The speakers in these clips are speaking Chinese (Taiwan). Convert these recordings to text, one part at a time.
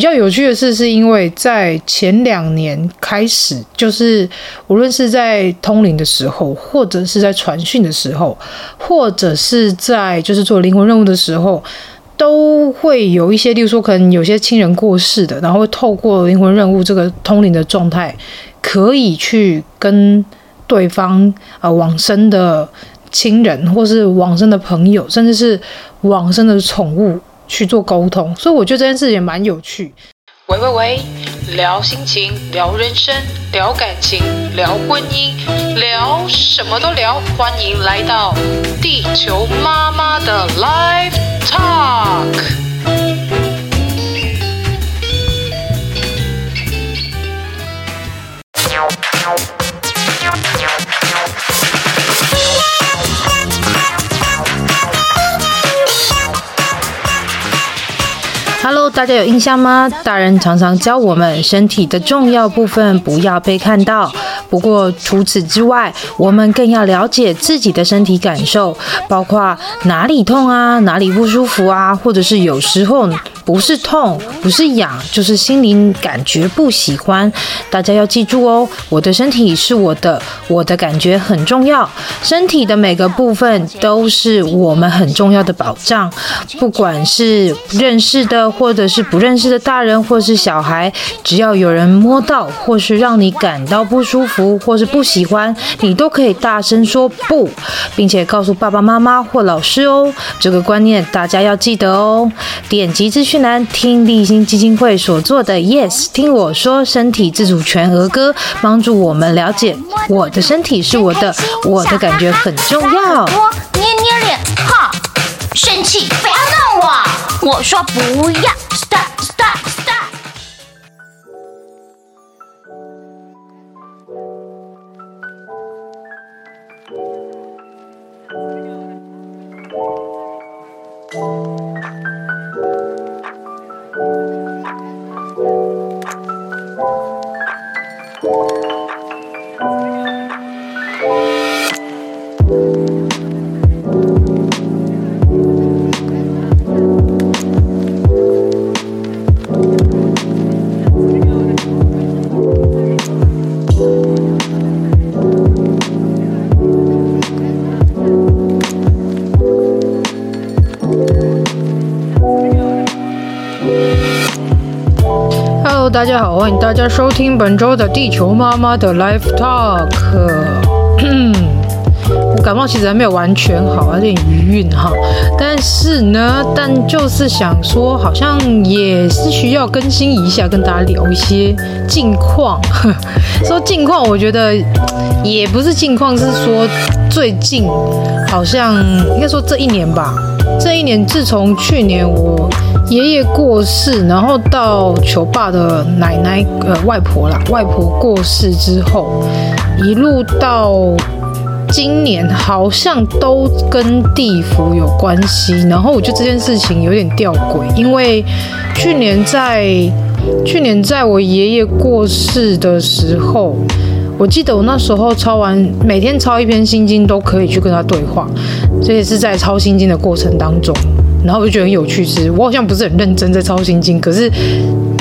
比較有趣的事是，是因為在前兩年開始，就是無論是在通靈的時候，或者是在傳訊的時候，或者是在就是做靈魂任務的時候，都會有一些，例如說，可能有些親人過世的，然後會透過靈魂任務這個通靈的狀態，可以去跟對方呃往生的親人，或是往生的朋友，甚至是往生的寵物。去做溝通，所以我覺得這件事也蠻有趣。喂喂喂，聊心情，聊人生，聊感情，聊婚姻，聊什麼都聊。歡迎來到地球媽媽的 Life Talk。Hello，大家有印象嗎？大人常常教我們，身體的重要部分不要被看到。不過除此之外，我們更要了解自己的身體感受，包括哪裡痛啊，哪裡不舒服啊，或者是有時候。不是痛，不是癢，就是心靈感覺不喜歡。大家要記住哦，我的身體是我的，我的感覺很重要。身體的每個部分都是我們很重要的保障。不管是認識的，或者是不認識的大人，或是小孩，只要有人摸到，或是讓你感到不舒服，或是不喜歡，你都可以大聲說不，並且告訴爸爸媽媽或老師哦。這個觀念大家要記得哦。點擊資訊。聽立新基金會所做的《Yes》，聽我說身體自主權兒歌，幫助我們了解我的身體是我的，我的感覺很重要。媽媽我捏捏臉，哈，生氣不要弄我，我說不要，Stop。大家好，歡迎大家收聽本周的地球媽媽的 Life Talk。 我感冒其實還沒有完全好，有點餘韻哈。但是呢，但就是想說，好像也是需要更新一下，跟大家聊一些近況。 說近況，我覺得也不是近況，是說。最近好像應該說這一年吧，這一年自從去年我爺爺過世，然後到球爸的奶奶呃、外婆啦，外婆過世之後，一路到今年，好像都跟地府有關係。然後我覺得這件事情有點吊詭，因為去年，在去年在我爺爺過世的時候。我記得我那時候抄完，每天抄一篇心經都可以去跟他對話，這也是在抄心經的過程當中，然後我就覺得很有趣。是，我好像不是很認真在抄心經，可是。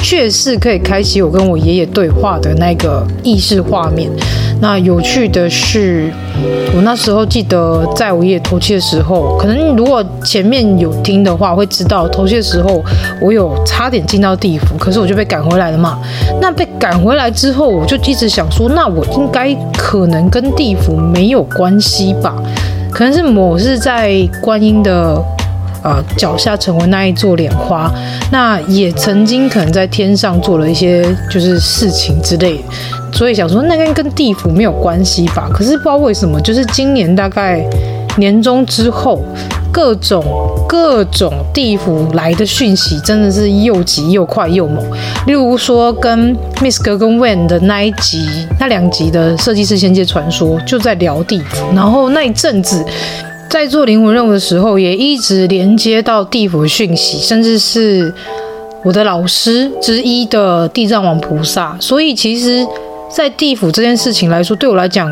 確實可以開啟我跟我爺爺對話的那個意識畫面。那有趣的是，我那時候記得在我爺爺頭七的時候，可能如果前面有聽的話，會知道頭七的時候我有差點進到地府，可是我就被趕回來了嘛。那被趕回來之後，我就一直想說，那我應該可能跟地府沒有關係吧？可能是某日在觀音的。啊，腳、呃、下成為那一座蓮花，那也曾經可能在天上做了一些就是事情之類，所以想說，那應該跟地府沒有關係吧。可是不知道為什麼，就是今年大概年終之後，各種各種地府來的訊息真的是又急又快又猛。例如說，跟 Miss 哥跟 Wen 的那一集，那兩集的《設計師仙界傳說》就在聊地府，然後那一陣子。在做靈魂任務的時候，也一直連接到地府訊息，甚至是我的老師之一的地藏王菩薩。所以，其實，在地府這件事情來說，對我來講，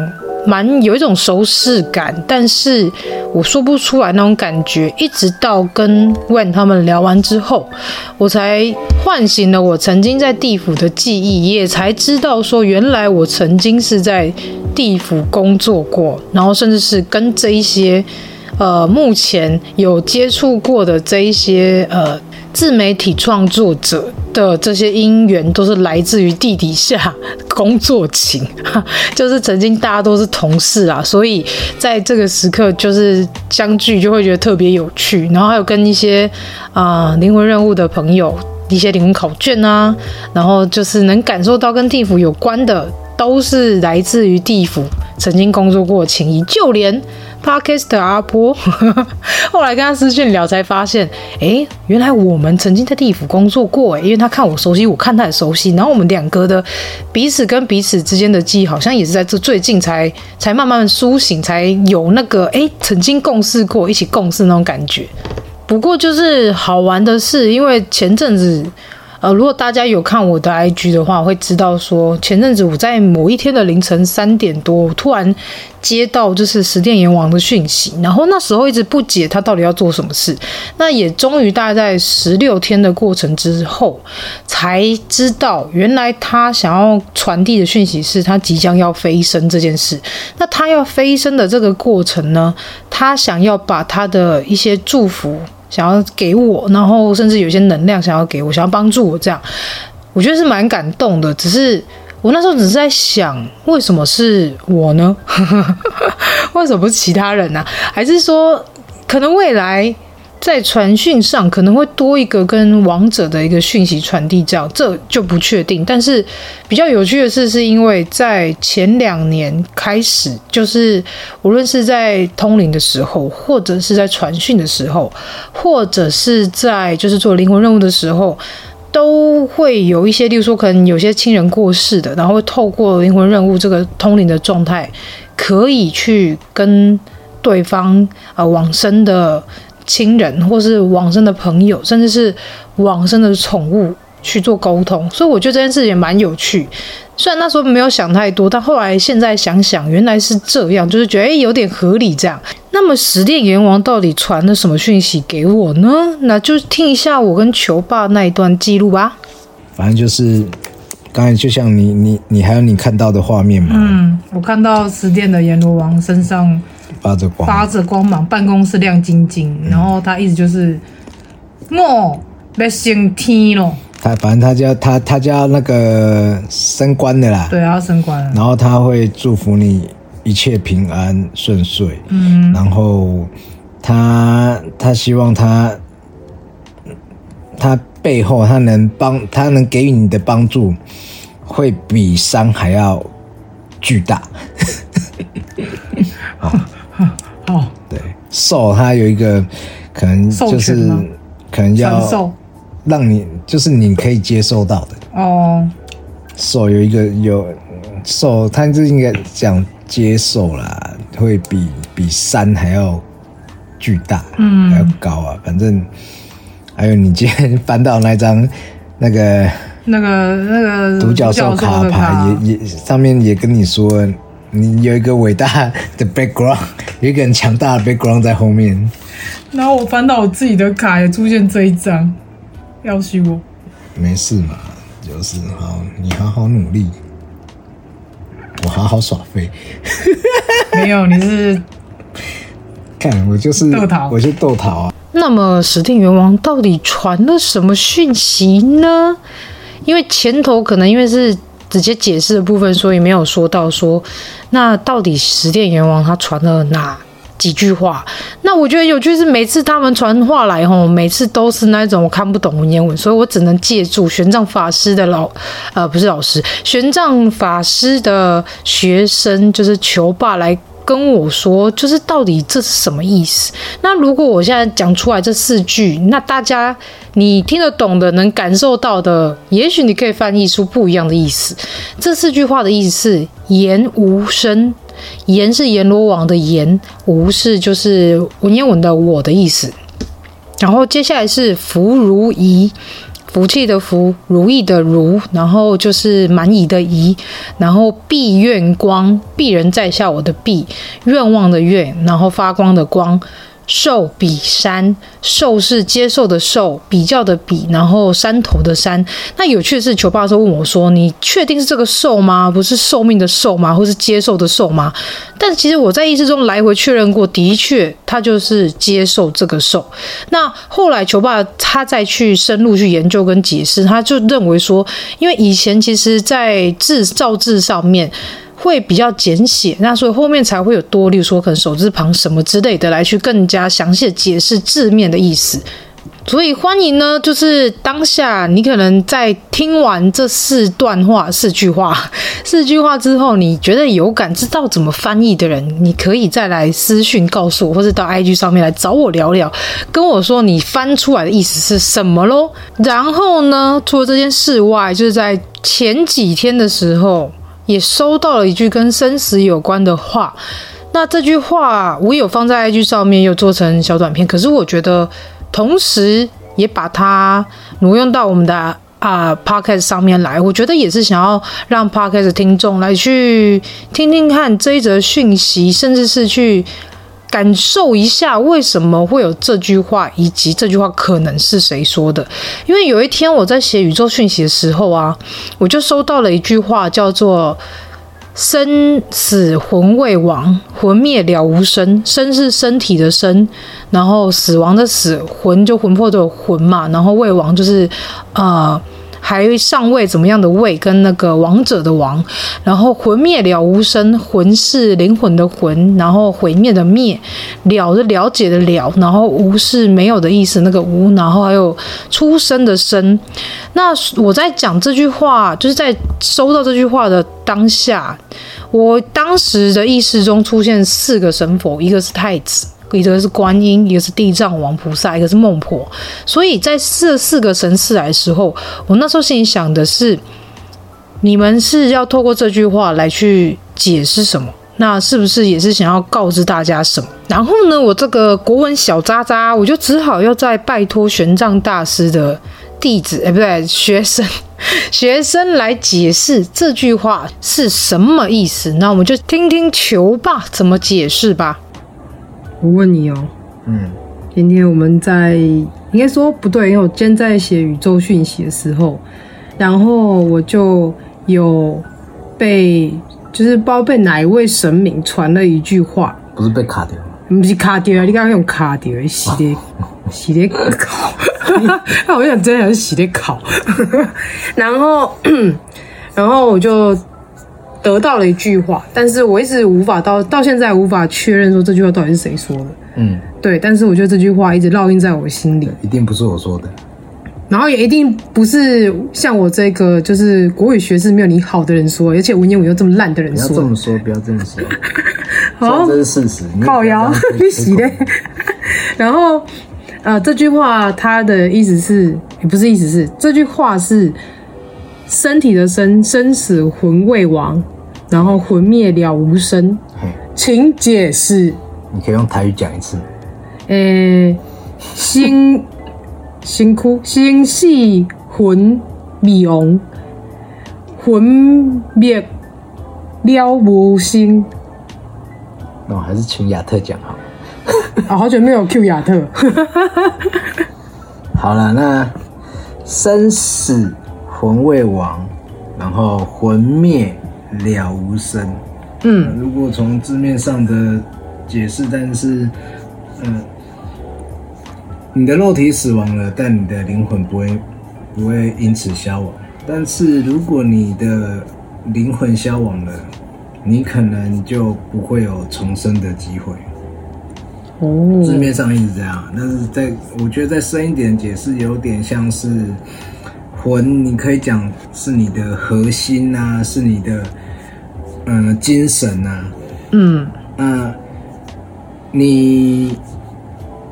蠻有一種熟悉感，但是我說不出來那種感覺。一直到跟 Wen 他們聊完之後，我才喚醒了我曾經在地府的記憶，也才知道說，原來我曾經是在地府工作過，然後甚至是跟這一些，呃，目前有接觸過的這一些，呃。自媒體創作者的這些因緣都是來自於地底下工作情。就是曾經大家都是同事啊，所以在這個時刻就是相聚就會覺得特別有趣。然後還有跟一些啊、呃、靈魂任務的朋友，一些靈魂考卷啊，然後就是能感受到跟地府有關的。都是來自於地府，曾經工作過的情誼，就連 p a r k s t 阿波，後來跟他私訊聊才發現，哎、欸，原來我們曾經在地府工作過。欸，哎，因為他看我熟悉，我看他很熟悉，然後我們兩個的彼此跟彼此之間的記憶，好像也是在這最近才才慢慢甦醒，才有那個哎、欸，曾經共事過，一起共事那種感覺。不過就是好玩的是，因為前陣子。呃，如果大家有看我的 IG 的話，我會知道說前陣子我在某一天的凌晨三點多，我突然接到就是十殿閻王的訊息，然後那時候一直不解他到底要做什麼事，那也終於大概在十六天的過程之後，才知道原來他想要傳遞的訊息是他即將要飛升這件事。那他要飛升的這個過程呢，他想要把他的一些祝福。想要給我，然後甚至有些能量想要給我，想要幫助我，這樣我覺得是蠻感動的。只是我那時候只是在想，為什麼是我呢？ 為什麼是其他人呢、啊？還是說，可能未來？在傳訊上可能會多一個跟亡者的一個訊息傳遞，這樣這就不確定。但是比較有趣的事是，是，因為在前兩年開始，就是無論是在通靈的時候，或者是在傳訊的時候，或者是在就是做靈魂任務的時候，都會有一些，例如說可能有些親人過世的，然後透過靈魂任務這個通靈的狀態，可以去跟對方、呃、往生的。親人或是往生的朋友，甚至是往生的寵物去做溝通，所以我覺得這件事也蠻有趣。雖然那時候沒有想太多，但後來現在想想，原來是這樣，就是覺得、欸、有點合理這樣。那麼十殿閻王到底傳了什麼訊息給我呢？那就聽一下我跟球爸那一段記錄吧。反正就是剛才就像你你你還有你看到的畫面嘛。嗯，我看到十殿的閻羅王身上。發着光，發着光芒，辦公室亮晶晶。嗯、然後他一直就是，我、哦、要升天了。他反正他就要他他就要那個升官的啦。對啊，升官。然後他會祝福你一切平安順遂。嗯。然後他他希望他他背後他能幫他能給予你的幫助，會比山還要巨大。 哦，對，受它有一個，可能就是可能要讓你就是你可以接受到的哦。受有一個有受，它就應該講接受啦，會比比山還要巨大，嗯，還要高啊。反正還有你今天翻到那張那個那個那個獨角獸卡牌也，也也上面也跟你說。你有一個偉大的 background，有一個很強大的 background 在後面。然後我翻到我自己的卡也出現這一張，要是我？沒事嘛，就是好，你好好努力，我好好耍廢。 沒有，你是看 我就是逃我就逗我是逗淘啊。那麼十殿閻王到底傳了什麼訊息呢？因為前頭可能因為是。直接解釋的部分，所以沒有說到說，那到底十殿閻王他傳了哪幾句話？那我覺得有就是，每次他們傳話來吼，每次都是那一種我看不懂文言文，所以我只能借助玄奘法師的老，呃、不是老師，玄奘法師的學生就是球爸來跟我說，就是到底這是什麼意思？那如果我現在講出來這四句，那大家你聽得懂的，能感受到的，也許你可以翻譯出不一樣的意思。這四句話的意思是言聲：閻無聲，閻是閻羅王的閻，無是就是文言文的我的意思。然後接下來是福如意。福氣的福，如意的如，然後就是滿意的宜，然後避願光，避人在下我的避，願望的願，然後發光的光。受比山，受是接受的受，比較的比，然後山頭的山。那有趣的是，球爸說問我說：“你確定是這個受嗎？不是壽命的壽嗎？或是接受的受嗎？”但其實我在意識中來回確認過，的確他就是接受這個受。那後來球爸他再去深入去研究跟解釋，他就認為說，因為以前其實在，在字造字上面。會比較簡寫，那所以後面才會有多慮說可能手字旁什麼之類的來去更加詳細的解釋字面的意思。所以歡迎呢，就是當下你可能在聽完這四段話、四句話、四句話之後，你覺得有感、知道怎麼翻譯的人，你可以再來私訊告訴我，或是到 IG 上面來找我聊聊，跟我說你翻出來的意思是什麼咯。然後呢，除了這件事外，就是在前幾天的時候。也收到了一句跟生死有關的話，那這句話我有放在 IG 上面，又做成小短片。可是我覺得，同時也把它挪用到我們的啊、呃、Podcast 上面來，我覺得也是想要讓 Podcast 的聽眾來去聽聽看這一則訊息，甚至是去。感受一下為什麼會有這句話，以及這句話可能是誰說的？因為有一天我在寫宇宙訊息的時候啊，我就收到了一句話，叫做“生死魂未亡，魂滅了無生。生是身體的生，然後死亡的死，魂就魂魄的魂嘛，然後未亡就是啊。呃”還會上位怎麼樣的位？跟那個王者的王，然後魂滅了無生，魂是靈魂的魂，然後毀滅的滅，了的了解的了，然後無是沒有的意思，那個無，然後還有出生的生。那我在講這句話，就是在收到這句話的當下，我當時的意識中出現四個神佛，一個是太子。一個是觀音，一個是地藏王菩薩，一個是孟婆，所以在這四個神事來的時候，我那時候心裡想的是，你們是要透過這句話來去解釋什麼？那是不是也是想要告知大家什麼？然後呢，我這個國文小渣渣，我就只好要再拜託玄奘大師的弟子，哎，不對，學生，學生來解釋這句話是什麼意思？那我們就聽聽球爸怎麼解釋吧。我問你哦，嗯，今天我們在應該說不對，因為我今天在寫宇宙訊息的時候，然後我就有被，就是不知道被哪一位神明傳了一句話，不是被卡掉嗎？不是卡掉，你剛剛用卡掉，洗的洗的烤，我想真的洗的烤， 然後然後我就。得到了一句話，但是我一直無法到到現在無法確認說這句話到底是誰說的。嗯，對，但是我覺得這句話一直烙印在我心裡，一定不是我說的，然後也一定不是像我這個就是國語學識沒有你好的人說，而且文言文又這麼爛的人說的。不要這麼說，不要這麼說。 好，這是事實。烤窑、哦，你洗嘞。然後，呃，這句話它的意思是，也不是意思是這句話是身體的身生死魂未亡。嗯然後魂滅了無生，嘿請解釋。你可以用台語講一次。呃、欸，生，生 哭生死魂未亡，魂滅了無生。那我還是請亞特講好。啊，好久沒有 Q 亞特。好了，那生死魂未亡，然後魂滅。了無生，嗯，如果從字面上的解釋，但是，嗯，你的肉體死亡了，但你的靈魂不會不會因此消亡。但是如果你的靈魂消亡了，你可能就不會有重生的機會。哦，字面上一直這樣，但是在我覺得再深一點解釋，有點像是。魂，你可以講是你的核心吶、啊，是你的，嗯、呃，精神吶、啊，嗯，那，你，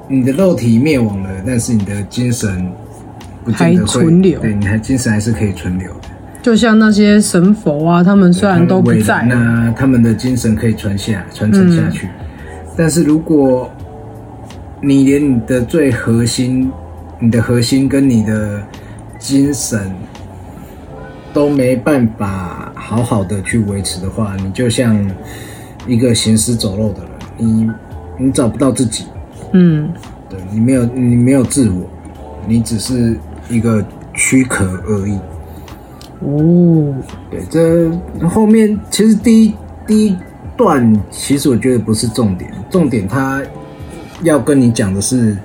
你的肉體滅亡了，但是你的精神不見得會，還存留，對，你的精神還是可以存留的。就像那些神佛啊，他們雖然都不在，那、呃、他們的精神可以傳下傳承下去。嗯、但是如果你連你的最核心，你的核心跟你的。精神都沒辦法好好的去維持的話，你就像一個行屍走肉的人，你你找不到自己，嗯，對，你沒有你沒有自我，你只是一個軀殼而已。哦，對，這後面其實第一第一段其實我覺得不是重點，重點他要跟你講的是。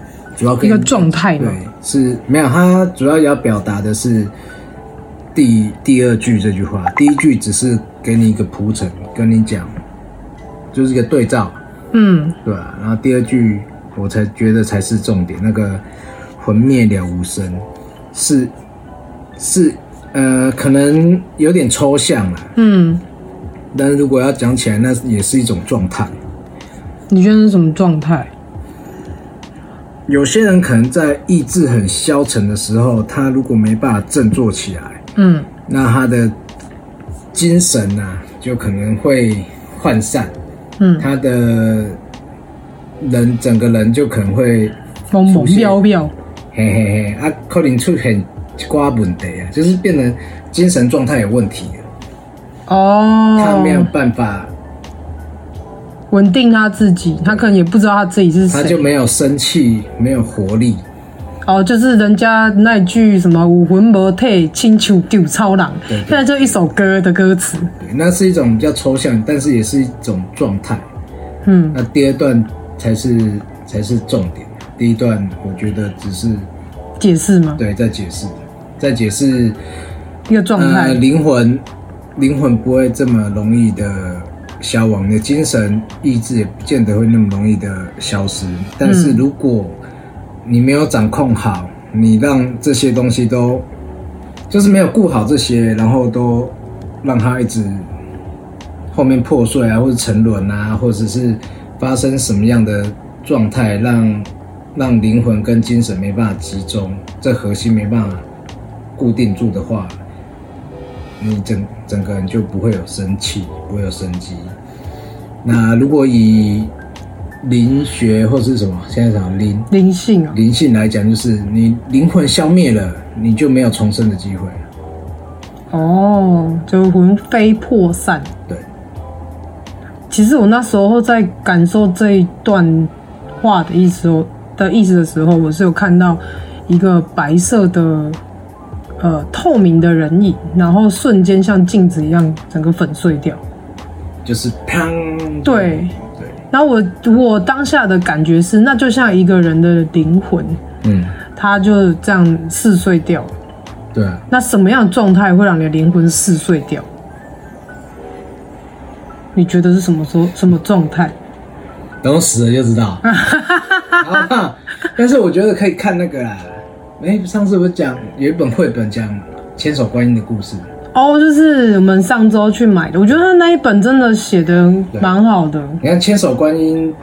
主要給你一個狀態，對，是沒有。他主要要表達的是第第二句這句話，第一句只是給你一個鋪陳，跟你講，就是一個對照，嗯，對吧？然後第二句我才覺得才是重點，那個“魂滅了無聲”是是呃，可能有點抽象了啊，嗯，但是如果要講起來，那也是一種狀態。你覺得是什麼狀態？有些人可能在意志很消沉的時候，他如果沒辦法振作起來，嗯，那他的精神啊，就可能會渙散，嗯，他的人整個人就可能會飄飄，嘿嘿嘿，啊，可能出很瓜掛問題啊，就是變成精神狀態有問題哦，他沒有辦法。穩定他自己，他可能也不知道他自己是誰。他就沒有生氣，沒有活力。哦，就是人家那句什麼“武魂不退，青丘丟超人”。對，對，對，現在就一首歌的歌詞。對，那是一種比較抽象，但是也是一種狀態。嗯，那第二段才是才是重點。第一段我覺得只是解釋嗎？對，在解釋，在解釋一個狀態，呃，靈魂，靈魂不會這麼容易的。消亡，的精神意志也不見得會那麼容易的消失。但是，如果你沒有掌控好，你讓這些東西都就是沒有顧好這些，然後都讓它一直後面破碎啊，或者沉淪啊，或者是發生什麼樣的狀態，讓讓靈魂跟精神沒辦法集中，這核心沒辦法固定住的話。你整整個人就不會有生氣，不會有生機。那如果以靈學或是什麼現在什麼靈靈性啊靈性來講，就是你靈魂消滅了，對你就沒有重生的機會。哦，oh, 就魂飛魄散。對。其實我那時候在感受這一段話的意思的，的意思的時候，我是有看到一個白色的。呃，透明的人影，然後瞬間像鏡子一樣整個粉碎掉，就是砰！對，對。然後我我當下的感覺是，那就像一個人的靈魂，嗯，他就這樣撕碎掉。對、啊。那什麼樣的狀態會讓你的靈魂撕碎掉？你覺得是什麼時候、什麼狀態？等我死了就知道 但是我覺得可以看那個啦。哎，上次不是講有一本繪本講千手觀音的故事哦，oh, 就是我們上周去買的。我覺得他那一本真的寫的蠻好的。你看千手觀音，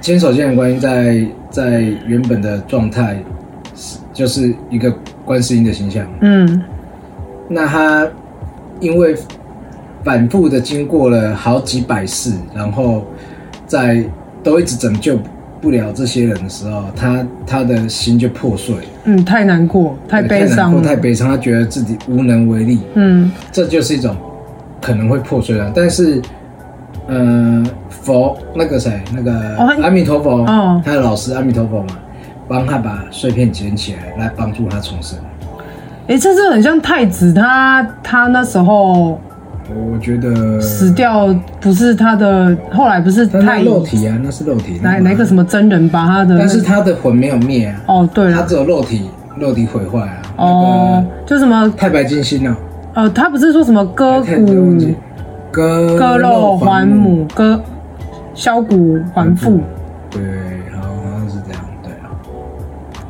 千手千手觀音在在原本的狀態，就是一個觀世音的形象。嗯，那他因為反覆的經過了好幾百世，然後在都一直拯救。不了這些人的時候，他他的心就破碎。嗯，太難過，太悲傷，太悲傷，他覺得自己無能為力。嗯，這就是一種可能會破碎了。但是，嗯、呃，佛那個誰，那個阿彌陀佛，哦他，哦、他的老師阿彌陀佛嘛，幫他把碎片撿起來，來幫助他重生。哎、欸，這是很像太子他他那時候。我覺得死掉不是他的，後來不是太肉體啊，那是肉體。來來個什麼真人把他的。但是他的魂沒有滅啊。哦，對，他只有肉體，肉體毀壞啊。哦，就什麼太白金星了。哦，他不是說什麼割骨，割割肉還母，割削骨還父。對，好像好像是這樣，對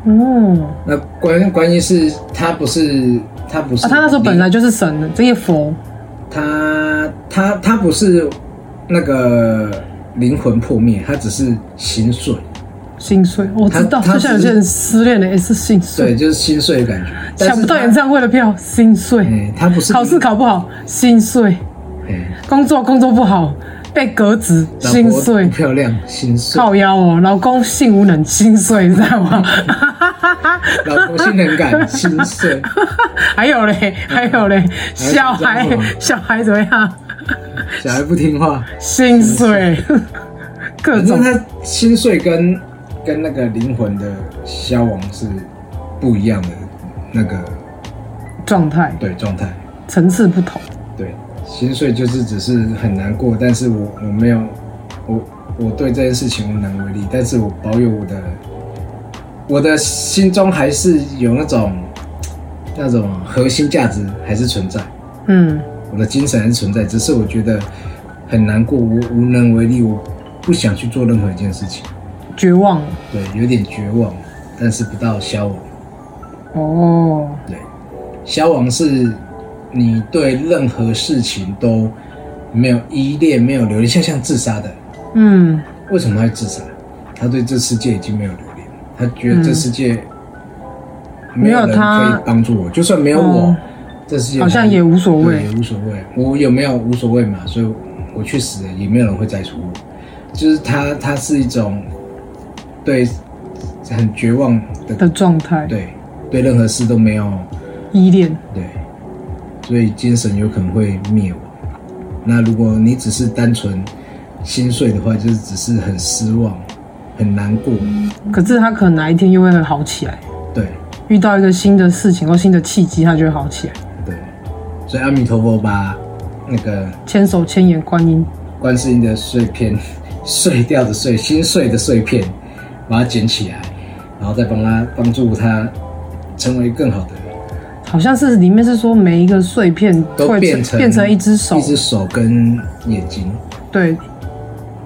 哦，那關關鍵是他不是他不是他那時候本來就是神的這些佛。他他他不是那個靈魂破滅，他只是心碎。心碎，我知道。就像有些人失戀了也、欸、是心碎，對，就是心碎的感覺。搶不到演唱會的票，心碎。他、欸、不是考試考不好，心碎。欸、工作工作不好。被格子心碎；漂亮，心碎；靠腰哦，老公性無能，心碎，知道嗎？ 老公性冷感，心碎。 還有嘞，還有嘞，小孩，小孩怎麼樣？小孩不聽話，心碎水。各種心碎跟跟那個靈魂的消亡是不一樣的那個狀態、嗯，對，狀態層次不同。心碎就是只是很難過，但是我我沒有，我我對這件事情無能為力，但是我保有我的，我的心中還是有那種那種核心價值還是存在，嗯，我的精神還是存在，只是我覺得很難過，無無能為力，我不想去做任何一件事情，絕望，對，有點絕望，但是不到消亡，哦，對，消亡是。你對任何事情都沒有依戀，沒有留戀，像像自殺的。嗯，為什麼他要自殺？他對這世界已經沒有留戀，他覺得這世界沒有人可以幫助我，就算沒有我，這世界好像也無所謂，也無所謂。我有沒有無所謂嘛？所以我去死了，也沒有人會再出。就是他，他是一種對很絕望的狀態，的對對任何事都沒有依戀戀，對。所以精神有可能會滅亡。那如果你只是單純心碎的話，就是只是很失望、很難過。可是他可能哪一天又會很好起來。對。遇到一個新的事情或新的契機，他就會好起來。對。所以阿彌陀佛把那個千手千眼觀音、觀世音的碎片碎掉的碎、心碎的碎片，把它撿起來，然後再幫他幫助他成為更好的。好像是裡面是說每一個碎片會都變成變成一隻手，一隻手跟眼睛。對，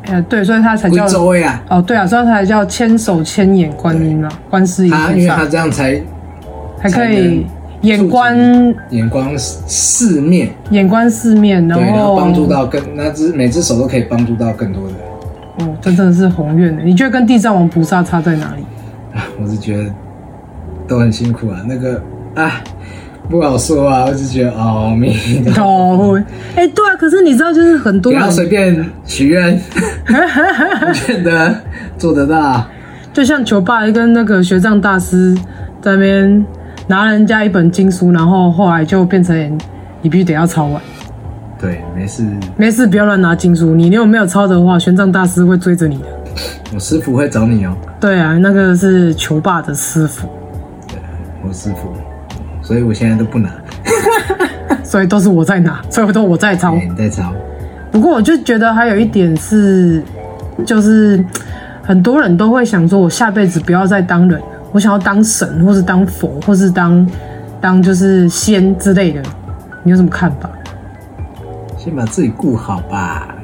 呃、哎，對，所以它才叫。周圍啊。哦，對啊，所以它才叫千手千眼觀音啊，對觀世音。因為它這樣才還可以眼觀眼觀四面，眼觀四面，然後幫助到更那只每隻手都可以幫助到更多的人。哦，這真的是宏願。你覺得跟地藏王菩薩差在哪裡？我是覺得都很辛苦啊，那個啊。不好說啊，我就覺得啊，迷頭哎，對啊，可是你知道，就是很多不要隨便許願，不見 得做得到。啊。就像球爸跟那個玄奘大師在那邊拿人家一本經書，然後後來就變成你必須得要抄完。對，沒事，沒事，不要亂拿經書。你如果沒有抄的話，玄奘大師會追着你的。我師傅會找你哦。喔。對啊，那個是球爸的師傅。對，yeah, 我師傅。所以我現在都不拿， 所以都是我在拿，所以都我在操。欸，你在操。不過我就覺得還有一點是，就是很多人都會想說，我下輩子不要再當人，我想要當神，或是當佛，或是當當就是仙之類的。你有什麼看法？先把自己顧好吧，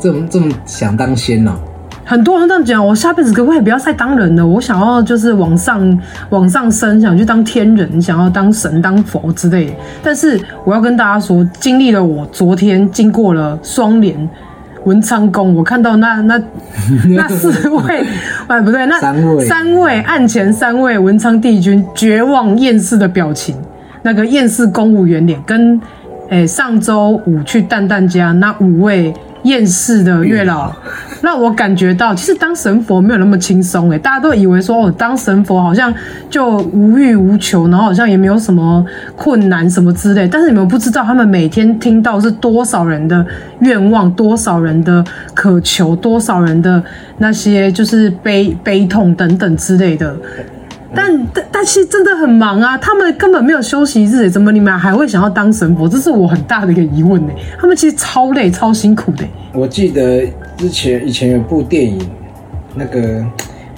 這麼這麼想當仙呢？哦？很多人都講，我下輩子可不可以不要再當人了？我想要就是往上往上升，想去當天人，想要當神、當佛之類。但是我要跟大家說，經歷了我昨天經過了雙連文昌宮，我看到那那那四位，哎、 啊、不對，那三位案前三位文昌帝君絕望厭世的表情，那個厭世公務員臉，跟哎、欸、上週五去蛋蛋家那五位。厭世的月老，嗯、讓我感覺到，其實當神佛沒有那麼輕鬆誒，大家都以為說，我、哦、當神佛好像就無欲無求，然後好像也沒有什麼困難什麼之類。但是你們不知道，他們每天聽到是多少人的願望，多少人的渴求，多少人的那些就是悲悲痛等等之類的。但但但是真的很忙啊，他們根本沒有休息日，怎麼你們還會想要當神婆？這是我很大的一個疑問呢、欸。他們其實超累，超辛苦的、欸。我記得之前以前有一部電影，那個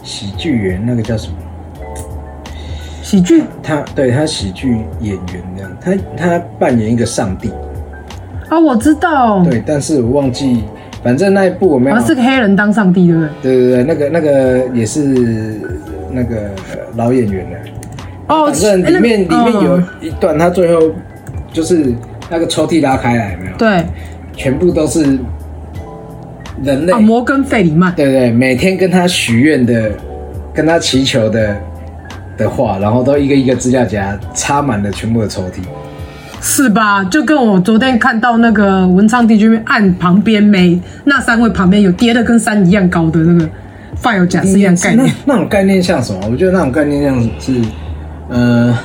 喜劇員，那個叫什麼喜劇？他對他喜劇演員那樣，他他扮演一個上帝啊、哦，我知道。對，但是我忘記，反正那一部我沒有。是個黑人當上帝，對不對？對對對，那個那個也是。那個老演員呢、啊？哦，反正裡面裡面有一段，他最後就是那個抽屜拉開來有沒有？對，全部都是人類。啊，摩根·弗里曼。對對，每天跟他許願的、跟他祈求的的話，然後都一個一個資料夾插滿了全部的抽屜。是吧？就跟我昨天看到那個文昌帝君案旁邊沒那三位旁邊有疊的跟山一樣高的那個。汎有假是一樣概念那那種概念像什麼？我覺得那種概念像是，呃，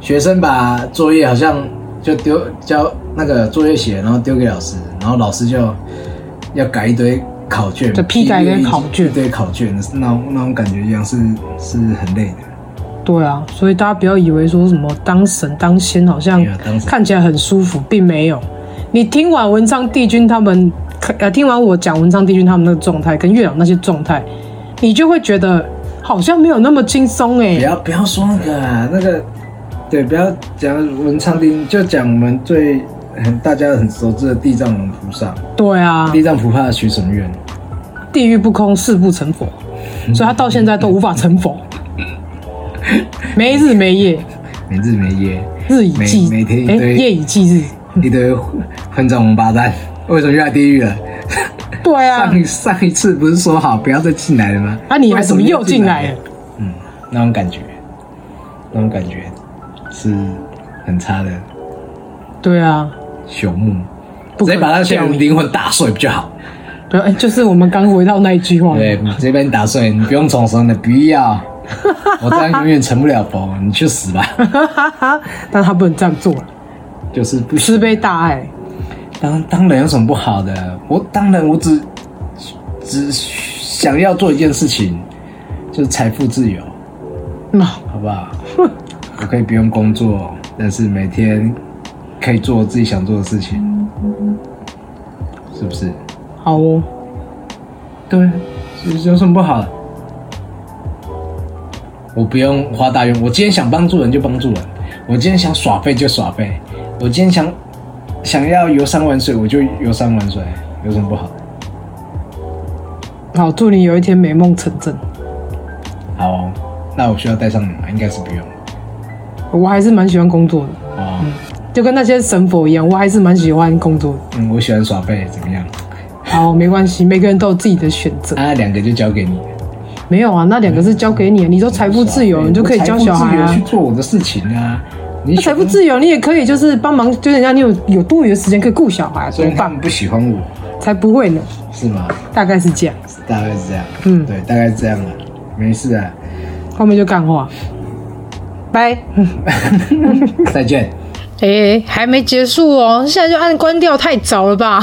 學生把作業好像就丟交那個作業寫，然後丟給老師，然後老師就要改一堆考卷，就批改一堆考卷，一堆考卷，那種那種感覺一樣是是很累的。對啊，所以大家不要以為說什麼當神當仙，好像看起來很舒服，並沒有。你聽完文昌帝君他們。呃，聽完我講文昌帝君他們那個狀態，跟月老那些狀態，你就會覺得好像沒有那麼輕鬆哎。不要不要說那個、啊、那個，對，不要講文昌帝君，就講我們最大家很熟知的地藏王菩薩。對啊，地藏菩薩許什麼願？地獄不空，誓不成佛。所以他到現在都無法成佛， 沒日沒夜，沒日沒夜，日以繼，每，每天一堆、欸、夜以繼日， 一堆混賬王八蛋。為什麼又來地獄了？對啊，上上一次不是說好不要再進來了嗎？啊，你為什麼又進來了？嗯，那種感覺，啊、那種感覺是很差的。對啊，朽木，直接把那些靈魂打碎比較好。對，就是我們剛回到那一句話。對，直接把你打碎，你不用重生了，不要。 我這樣永遠成不了佛，你去死吧。哈哈哈，但他不能這樣做，就是不慈悲大愛。當當然有什麼不好的？我當然，我只只想要做一件事情，就是財富自由，那 No. 好不好？ 我可以不用工作，但是每天可以做自己想做的事情，是不是？好哦，對，有什麼不好的？我不用花大冤，我今天想幫助人就幫助人，我今天想耍廢就耍廢，我今天想。想要遊山玩水，我就遊山玩水，有什麼不好？好，祝你有一天美夢成真。好、哦，那我需要帶上你嗎？應該是不用。我還是蠻喜歡工作的，哦、嗯，就跟那些神佛一樣，我還是蠻喜歡工作的。嗯，我喜歡耍廢。怎麼樣？好，沒關係，每個人都有自己的選擇。 那兩個就交給你。沒有啊，那兩個是交給你，你都財富自由，你就可以教小孩、啊、去做我的事情啊。你財富自由，你也可以就是幫忙，就是講你有有多餘的時間可以顧小孩。所以爸不喜歡我，才不會呢？是嗎？大概是這樣，大概是這樣，嗯，對，大概是這樣了、啊、沒事啊，後面就幹話。拜， 再見。 哎、欸，還沒結束哦！現在就按關掉，太早了吧？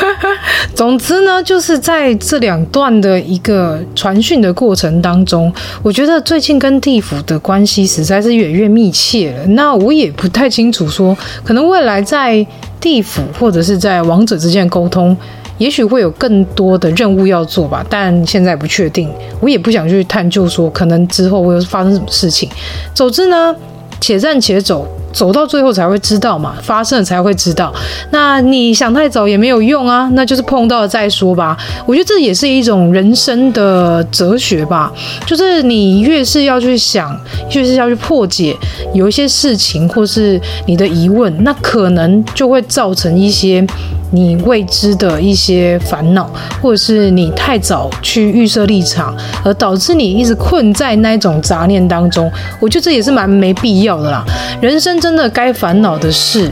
總之呢，就是在這兩段的一個傳訊的過程當中，我覺得最近跟地府的關係實在是越來越密切了。那我也不太清楚說，說可能未來在地府或者是在王者之間溝通，也許會有更多的任務要做吧。但現在不確定，我也不想去探究說可能之後會發生什麼事情。總之呢。且戰且走，走到最後才會知道嘛，發生了才會知道。那你想太早也沒有用啊，那就是碰到了再說吧。我覺得這也是一種人生的哲學吧，就是你越是要去想，越是要去破解，有一些事情或是你的疑問，那可能就會造成一些。你未知的一些煩惱，或者是你太早去預設立場，而導致你一直困在那一種雜念當中，我覺得這也是蠻沒必要的啦。人生真的該煩惱的事，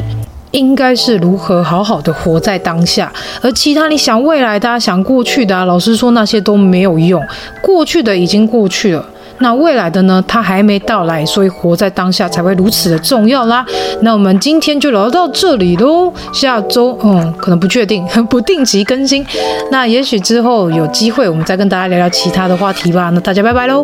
應該是如何好好的活在當下，而其他你想未來的、大家想過去的，啊，老實說那些都沒有用，過去的已經過去了。那未來的呢？它還沒到來，所以活在當下才會如此的重要啦。那我們今天就聊到這裡嘍。下周嗯，可能不確定，不定期更新。那也許之後有機會，我們再跟大家聊聊其他的話題吧。那大家拜拜嘍。